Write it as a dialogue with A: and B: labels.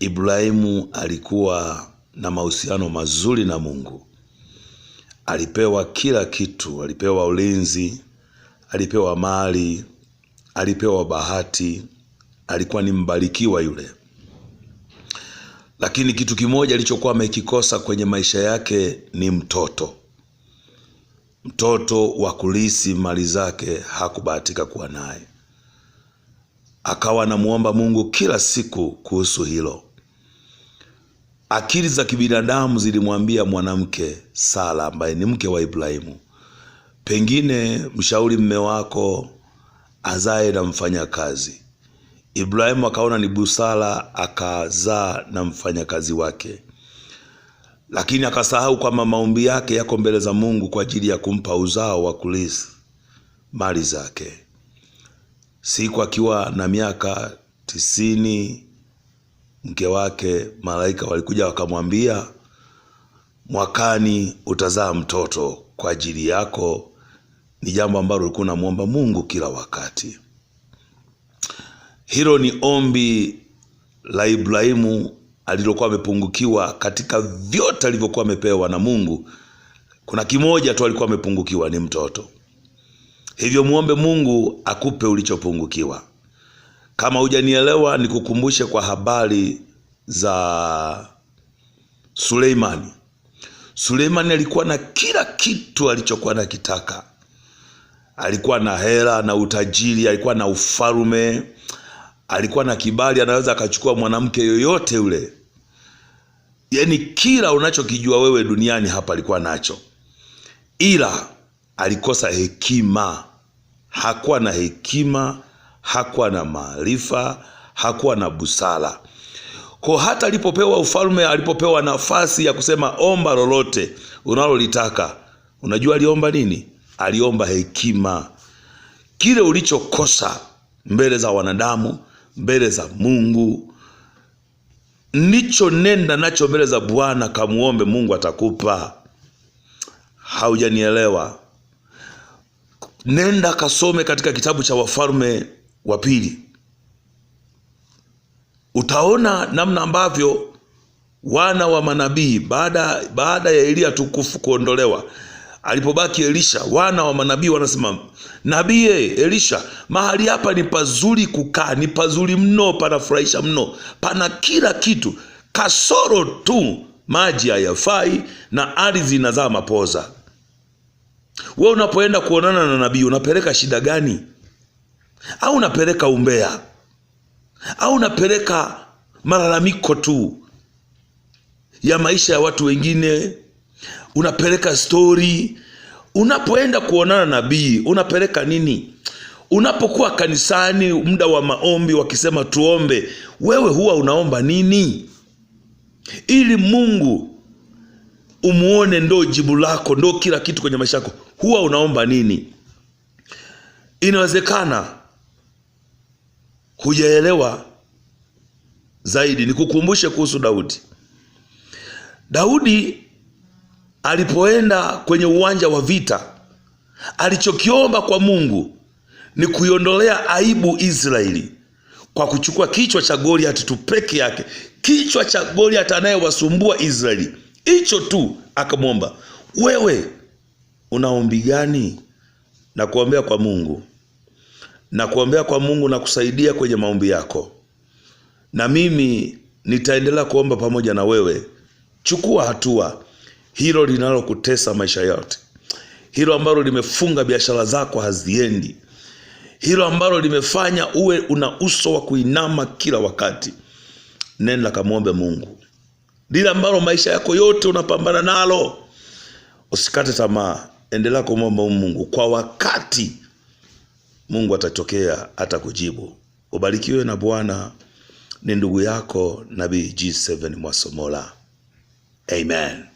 A: Ibrahimu alikuwa na mahusiano mazuri na Mungu. Alipewa kila kitu, alipewa ulinzi, alipewa mali, alipewa bahati, alikuwa ni mbarikiwa yule. Lakini kitu kimoja alichokuwa amekikosa kwenye maisha yake ni mtoto. Mtoto wa kulisi mali zake hakubahatika kuwa naye. Akawa anamuomba Mungu kila siku kuhusu hilo. Akili za kibinadamu zilimwambia mwanamke Sara, ambaye ni mke wa Ibrahimu, pengine mshauri mme wako azae na mfanyakazi. Ibrahimu akaona ni busara, akazaa na mfanyakazi wake, lakini akasahau kwamba maombi yake yako mbele za Mungu kwa ajili ya kumpa uzao wa kulisi mali zake. Siku akiwa na miaka tisini mke wake malaika walikuja wakamwambia, mwakani utazaa mtoto kwa ajili yako. Ni jambo ambalo ulikuwa unamwomba Mungu kila wakati. Hilo ni ombi la Ibrahimu alilokuwa amepungukiwa katika vyote alivyokuwa amepewa na Mungu. Kuna kimoja tu alikuwa amepungukiwa, ni mtoto. Hivyo muombe Mungu akupe ulichopungukiwa. Kama hujanielewa nikukumbushe kwa habari za Suleimani. Suleimani alikuwa na kila kitu alichokuwa nakitaka. Alikuwa na hela na utajiri, alikuwa na ufalume, alikuwa na kibali, anaweza akachukua mwanamke yoyote yule. Yaani kila unachokijua wewe duniani hapa alikuwa nacho, ila alikosa hekima. Hakuwa na hekima hakuwa na maarifa, hakuwa na busara. Kwa hata alipopewa ufalme, alipopewa nafasi ya kusema omba lolote unalolitaka, unajua aliomba nini? Aliomba hekima. Kile ulichokosa mbele za wanadamu, mbele za Mungu, ndicho nenda nacho mbele za Bwana, kamuombe Mungu atakupa. Haujanielewa? Nenda kasome katika kitabu cha Wafalme wa pili, utaona namna ambavyo wana wa manabii baada baada ya Eliya tukufu kuondolewa alipobaki Elisha, wana wa manabii wanasema, nabii Elisha, mahali hapa ni pazuri kukaa, ni pazuri mno, panafurahisha mno, pana kila kitu, kasoro tu maji hayafai na ardhi inazaa mapoza. We unapoenda kuonana na nabii unapeleka shida gani? au unapeleka umbea au unapeleka malalamiko tu ya maisha ya watu wengine, unapeleka stori. Unapoenda kuonana nabii unapeleka nini? Unapokuwa kanisani muda wa maombi, wakisema tuombe, wewe huwa unaomba nini? Ili Mungu umuone, ndo jibu lako, ndo kila kitu kwenye maisha yako. Huwa unaomba nini? Inawezekana hujaelewa zaidi, nikukumbushe kuhusu Daudi. Daudi alipoenda kwenye uwanja wa vita, alichokiomba kwa Mungu ni kuiondolea aibu Israeli kwa kuchukua kichwa cha goliati tu peke yake, kichwa cha goliati anayewasumbua Israeli, hicho tu akamwomba. Wewe una ombi gani na kuombea kwa Mungu? na kuombea kwa Mungu na kusaidia kwenye maombi yako, na mimi nitaendelea kuomba pamoja na wewe. Chukua hatua hilo linalokutesa maisha yote, hilo ambalo limefunga biashara zako haziendi, hilo ambalo limefanya uwe una uso wa kuinama kila wakati. Nenda kamwombe Mungu. Lile ambalo maisha yako yote unapambana nalo, usikate tamaa, endelea kumwomba Mungu kwa wakati Mungu atatokea atakujibu. Ubarikiwe na Bwana. Ni ndugu yako Nabii G7 Mwasomola. Amen.